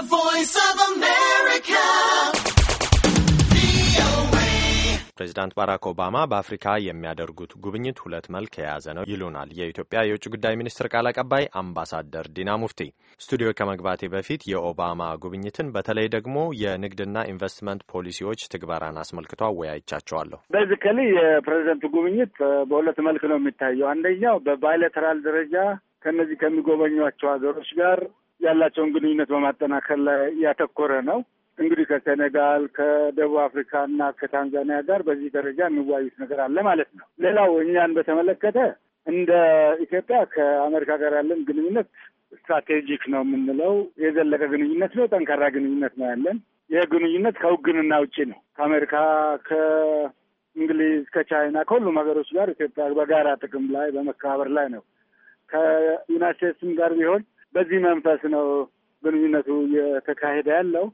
The Voice of America. ፕሬዚዳንት ባራክ ኦባማ በአፍሪካ የሚያደርጉት ጉብኝት ሁለት መልክ የያዘ ነው ይሉናል የኢትዮጵያ የውጭ ጉዳይ ሚኒስትር ቃል አቀባይ አምባሳደር ዲና ሙፍቲ። ስቱዲዮ ከመግባቴ በፊት የኦባማ ጉብኝትን በተለይ ደግሞ የንግድና ኢንቨስትመንት ፖሊሲዎች ትግበራን አስመልክቶ አወያይቻቸዋለሁ። በዚከሊ የፕሬዚደንቱ ጉብኝት በሁለት መልክ ነው የሚታየው። አንደኛው በባይላተራል ደረጃ ከነዚህ ከሚጎበኟቸው ሀገሮች ጋር ያላቸውን ግንኙነት በማጠናከር ላይ ያተኮረ ነው። እንግዲህ ከሴኔጋል ከደቡብ አፍሪካ እና ከታንዛኒያ ጋር በዚህ ደረጃ የሚዋዩት ነገር አለ ማለት ነው። ሌላው እኛን በተመለከተ እንደ ኢትዮጵያ ከአሜሪካ ጋር ያለን ግንኙነት ስትራቴጂክ ነው የምንለው የዘለቀ ግንኙነት ነው፣ ጠንካራ ግንኙነት ነው ያለን። ይህ ግንኙነት ከውግንና ውጭ ነው። ከአሜሪካ፣ ከእንግሊዝ፣ ከቻይና ከሁሉም ሀገሮች ጋር ኢትዮጵያ በጋራ ጥቅም ላይ በመከባበር ላይ ነው። ከዩናይት ስቴትስም ጋር ቢሆን በዚህ መንፈስ ነው ግንኙነቱ እየተካሄደ ያለው።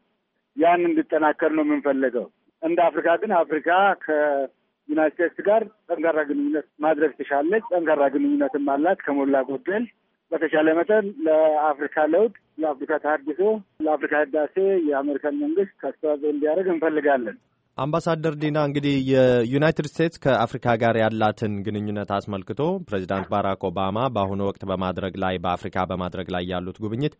ያን እንዲጠናከር ነው የምንፈልገው። እንደ አፍሪካ ግን አፍሪካ ከዩናይት ስቴትስ ጋር ጠንካራ ግንኙነት ማድረግ ትሻለች። ጠንካራ ግንኙነትም አላት ከሞላ ጎደል። በተቻለ መጠን ለአፍሪካ ለውጥ፣ ለአፍሪካ ተሃድሶ፣ ለአፍሪካ ህዳሴ የአሜሪካን መንግስት ከአስተዋጽኦ እንዲያደርግ እንፈልጋለን። አምባሳደር ዲና እንግዲህ የዩናይትድ ስቴትስ ከአፍሪካ ጋር ያላትን ግንኙነት አስመልክቶ ፕሬዚዳንት ባራክ ኦባማ በአሁኑ ወቅት በማድረግ ላይ በአፍሪካ በማድረግ ላይ ያሉት ጉብኝት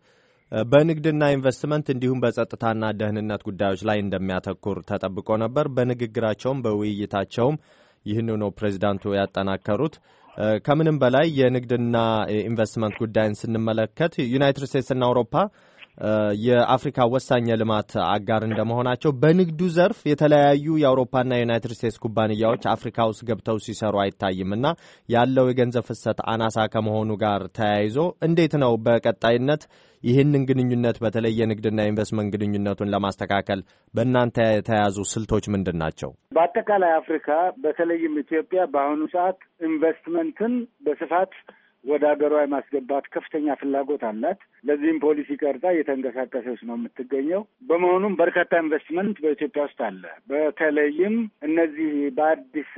በንግድና ኢንቨስትመንት እንዲሁም በጸጥታና ደህንነት ጉዳዮች ላይ እንደሚያተኩር ተጠብቆ ነበር። በንግግራቸውም በውይይታቸውም ይህን ነው ፕሬዚዳንቱ ያጠናከሩት። ከምንም በላይ የንግድና ኢንቨስትመንት ጉዳይን ስንመለከት ዩናይትድ ስቴትስና አውሮፓ የአፍሪካ ወሳኝ የልማት አጋር እንደመሆናቸው በንግዱ ዘርፍ የተለያዩ የአውሮፓና የዩናይትድ ስቴትስ ኩባንያዎች አፍሪካ ውስጥ ገብተው ሲሰሩ አይታይም እና ያለው የገንዘብ ፍሰት አናሳ ከመሆኑ ጋር ተያይዞ እንዴት ነው በቀጣይነት ይህንን ግንኙነት በተለይ የንግድና ኢንቨስትመንት ግንኙነቱን ለማስተካከል በእናንተ የተያዙ ስልቶች ምንድን ናቸው? በአጠቃላይ አፍሪካ በተለይም ኢትዮጵያ በአሁኑ ሰዓት ኢንቨስትመንትን በስፋት ወደ ሀገሯ የማስገባት ከፍተኛ ፍላጎት አላት። ለዚህም ፖሊሲ ቀርጻ እየተንቀሳቀሰች ነው የምትገኘው። በመሆኑም በርካታ ኢንቨስትመንት በኢትዮጵያ ውስጥ አለ። በተለይም እነዚህ በአዲስ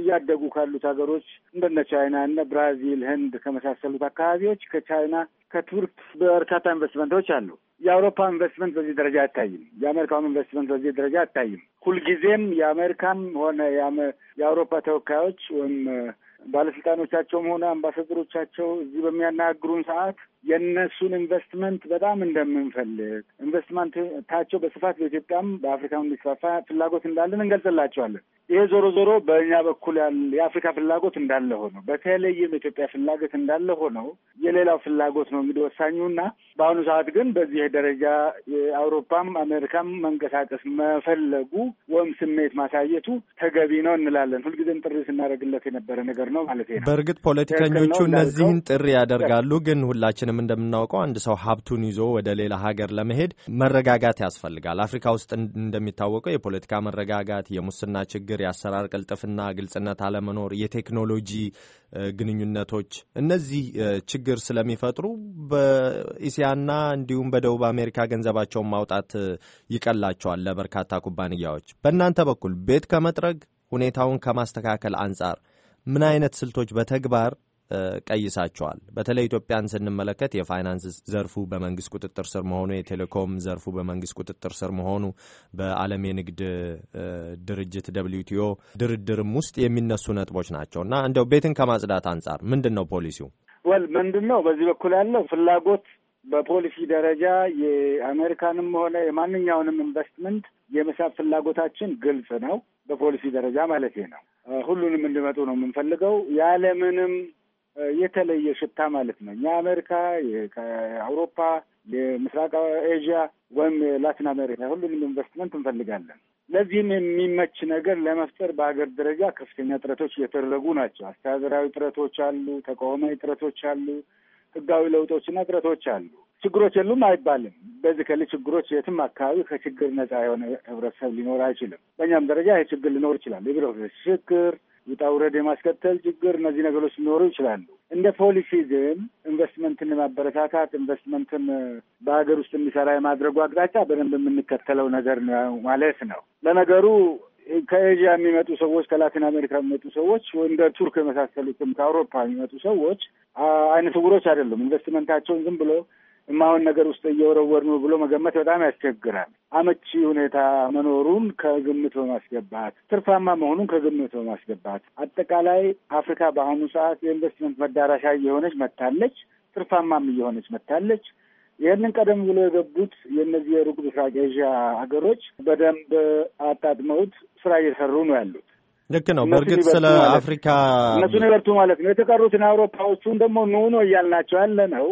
እያደጉ ካሉት ሀገሮች እንደነ ቻይና እነ ብራዚል፣ ህንድ ከመሳሰሉት አካባቢዎች ከቻይና ከቱርክ በርካታ ኢንቨስትመንቶች አሉ። የአውሮፓ ኢንቨስትመንት በዚህ ደረጃ አይታይም። የአሜሪካም ኢንቨስትመንት በዚህ ደረጃ አይታይም። ሁልጊዜም የአሜሪካም ሆነ የአውሮፓ ተወካዮች ወይም ባለስልጣኖቻቸውም ሆነ አምባሳደሮቻቸው እዚህ በሚያናግሩን ሰዓት የእነሱን ኢንቨስትመንት በጣም እንደምንፈልግ ኢንቨስትመንታቸው በስፋት በኢትዮጵያም በአፍሪካም እንዲስፋፋ ፍላጎት እንዳለን እንገልጽላቸዋለን። ይሄ ዞሮ ዞሮ በእኛ በኩል የአፍሪካ ፍላጎት እንዳለ ሆነው በተለይም የኢትዮጵያ ፍላጎት እንዳለ ሆነው የሌላው ፍላጎት ነው እንግዲህ ወሳኙና በአሁኑ ሰዓት ግን በዚህ ደረጃ የአውሮፓም አሜሪካም መንቀሳቀስ መፈለጉ ወይም ስሜት ማሳየቱ ተገቢ ነው እንላለን። ሁልጊዜም ጥሪ ስናደርግለት የነበረ ነገር ነው ማለት ነው። በእርግጥ ፖለቲከኞቹ እነዚህን ጥሪ ያደርጋሉ፣ ግን ሁላችን ሁላችንም እንደምናውቀው አንድ ሰው ሀብቱን ይዞ ወደ ሌላ ሀገር ለመሄድ መረጋጋት ያስፈልጋል። አፍሪካ ውስጥ እንደሚታወቀው የፖለቲካ መረጋጋት፣ የሙስና ችግር፣ የአሰራር ቅልጥፍና፣ ግልጽነት አለመኖር፣ የቴክኖሎጂ ግንኙነቶች እነዚህ ችግር ስለሚፈጥሩ በኢሲያና እንዲሁም በደቡብ አሜሪካ ገንዘባቸውን ማውጣት ይቀላቸዋል ለበርካታ ኩባንያዎች። በእናንተ በኩል ቤት ከመጥረግ ሁኔታውን ከማስተካከል አንጻር ምን አይነት ስልቶች በተግባር ቀይሳቸዋል። በተለይ ኢትዮጵያን ስንመለከት የፋይናንስ ዘርፉ በመንግስት ቁጥጥር ስር መሆኑ፣ የቴሌኮም ዘርፉ በመንግስት ቁጥጥር ስር መሆኑ በዓለም የንግድ ድርጅት ደብልዩ ቲኦ ድርድርም ውስጥ የሚነሱ ነጥቦች ናቸው እና እንደው ቤትን ከማጽዳት አንጻር ምንድን ነው ፖሊሲው? ወል ምንድን ነው በዚህ በኩል ያለው ፍላጎት በፖሊሲ ደረጃ የአሜሪካንም ሆነ የማንኛውንም ኢንቨስትመንት የመሳብ ፍላጎታችን ግልጽ ነው። በፖሊሲ ደረጃ ማለት ነው። ሁሉንም እንዲመጡ ነው የምንፈልገው ያለምንም የተለየ ሽታ ማለት ነው። እኛ አሜሪካ፣ አውሮፓ፣ የምስራቅ ኤዥያ ወይም ላቲን አሜሪካ ሁሉንም ኢንቨስትመንት እንፈልጋለን። ለዚህም የሚመች ነገር ለመፍጠር በሀገር ደረጃ ከፍተኛ ጥረቶች እየተደረጉ ናቸው። አስተዳደራዊ ጥረቶች አሉ፣ ተቋማዊ ጥረቶች አሉ፣ ህጋዊ ለውጦችና ጥረቶች አሉ። ችግሮች የሉም አይባልም። በዚህ ከል ችግሮች የትም አካባቢ ከችግር ነጻ የሆነ ህብረተሰብ ሊኖር አይችልም። በእኛም ደረጃ ይህ ችግር ሊኖር ይችላል። የቢሮክራሲ ችግር፣ ውጣ ውረድ የማስከተል ችግር፣ እነዚህ ነገሮች ሊኖሩ ይችላሉ። እንደ ፖሊሲ ግን ኢንቨስትመንትን ማበረታታት ኢንቨስትመንትን በሀገር ውስጥ የሚሰራ የማድረጉ አቅጣጫ በደንብ የምንከተለው ነገር ነው ማለት ነው። ለነገሩ ከኤዥያ የሚመጡ ሰዎች ከላቲን አሜሪካ የሚመጡ ሰዎች እንደ ቱርክ የመሳሰሉትም ከአውሮፓ የሚመጡ ሰዎች አይነ ስውሮች አይደሉም። ኢንቨስትመንታቸውን ዝም ብሎ የማይሆን ነገር ውስጥ እየወረወር ነው ብሎ መገመት በጣም ያስቸግራል። አመቺ ሁኔታ መኖሩን ከግምት በማስገባት ትርፋማ መሆኑን ከግምት በማስገባት አጠቃላይ አፍሪካ በአሁኑ ሰዓት የኢንቨስትመንት መዳረሻ እየሆነች መታለች፣ ትርፋማም እየሆነች መታለች። ይህንን ቀደም ብሎ የገቡት የእነዚህ የሩቅ ምስራቅ ኤዥያ ሀገሮች በደንብ አጣጥመውት ስራ እየሰሩ ነው ያሉት። ልክ ነው። በእርግጥ ስለ አፍሪካ እነሱን ይበርቱ ማለት ነው። የተቀሩትን አውሮፓዎቹን ደግሞ ኑኖ ነው እያልናቸው ያለ ነው።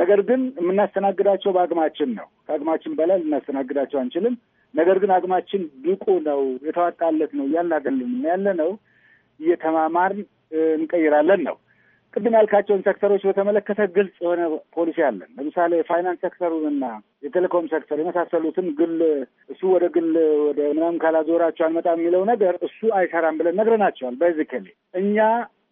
ነገር ግን የምናስተናግዳቸው በአቅማችን ነው። ከአቅማችን በላይ ልናስተናግዳቸው አንችልም። ነገር ግን አቅማችን ብቁ ነው፣ የተዋጣለት ነው እያልናገልን ያለ ነው። እየተማማርን እንቀይራለን ነው። ቅድም ያልካቸውን ሴክተሮች በተመለከተ ግልጽ የሆነ ፖሊሲ አለን። ለምሳሌ የፋይናንስ ሴክተሩንና የቴሌኮም ሴክተር የመሳሰሉትን ግል እሱ ወደ ግል ወደ ምናምን ካላዞራቸው አልመጣም የሚለው ነገር እሱ አይሰራም ብለን ነግረናቸዋል። በዚክል እኛ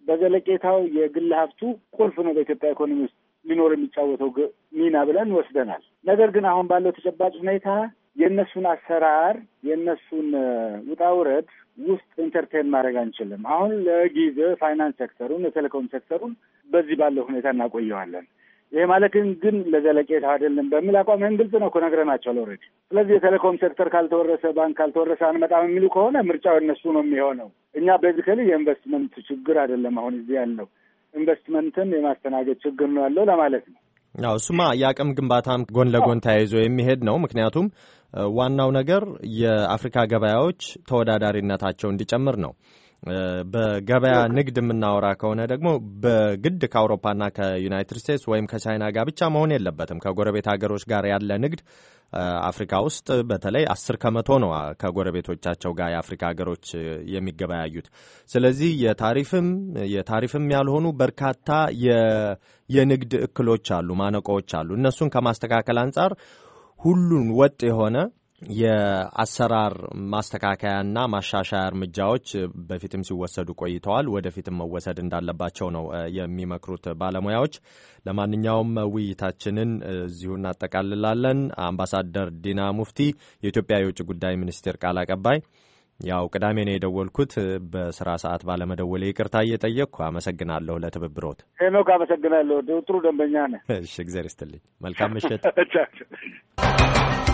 በዘለቄታው የግል ሀብቱ ቁልፍ ነው በኢትዮጵያ ኢኮኖሚ ውስጥ ሊኖር የሚጫወተው ሚና ብለን ወስደናል። ነገር ግን አሁን ባለው ተጨባጭ ሁኔታ የእነሱን አሰራር የእነሱን ውጣ ውረድ ውስጥ ኢንተርቴን ማድረግ አንችልም። አሁን ለጊዜ ፋይናንስ ሴክተሩን የቴሌኮም ሴክተሩን በዚህ ባለው ሁኔታ እናቆየዋለን። ይሄ ማለት ግን ለዘለቄታ አይደለም በሚል አቋም ይህን ግልጽ ነው እኮ ነግረናቸዋል ኦልሬዲ። ስለዚህ የቴሌኮም ሴክተር ካልተወረሰ፣ ባንክ ካልተወረሰ አንመጣም የሚሉ ከሆነ ምርጫው የነሱ ነው የሚሆነው። እኛ ቤዚካሊ የኢንቨስትመንት ችግር አይደለም አሁን እዚህ ያለው ኢንቨስትመንትን የማስተናገድ ችግር ነው ያለው ለማለት ነው። ያው እሱማ የአቅም ግንባታም ጎን ለጎን ተያይዞ የሚሄድ ነው። ምክንያቱም ዋናው ነገር የአፍሪካ ገበያዎች ተወዳዳሪነታቸው እንዲጨምር ነው። በገበያ ንግድ የምናወራ ከሆነ ደግሞ በግድ ከአውሮፓና ከዩናይትድ ስቴትስ ወይም ከቻይና ጋር ብቻ መሆን የለበትም። ከጎረቤት ሀገሮች ጋር ያለ ንግድ አፍሪካ ውስጥ በተለይ አስር ከመቶ ነው ከጎረቤቶቻቸው ጋር የአፍሪካ ሀገሮች የሚገበያዩት። ስለዚህ የታሪፍም የታሪፍም ያልሆኑ በርካታ የንግድ እክሎች አሉ፣ ማነቆዎች አሉ። እነሱን ከማስተካከል አንጻር ሁሉን ወጥ የሆነ የአሰራር ማስተካከያና ማሻሻያ እርምጃዎች በፊትም ሲወሰዱ ቆይተዋል። ወደፊትም መወሰድ እንዳለባቸው ነው የሚመክሩት ባለሙያዎች። ለማንኛውም ውይይታችንን እዚሁ እናጠቃልላለን። አምባሳደር ዲና ሙፍቲ የኢትዮጵያ የውጭ ጉዳይ ሚኒስቴር ቃል አቀባይ፣ ያው ቅዳሜ ነው የደወልኩት በስራ ሰዓት ባለመደወሌ ይቅርታ እየጠየቅኩ አመሰግናለሁ ለትብብሮት። ሄኖክ አመሰግናለሁ። ጥሩ ደንበኛ ነህ። እሺ፣ እግዚአብሔር ይስጥልኝ። መልካም ምሽት።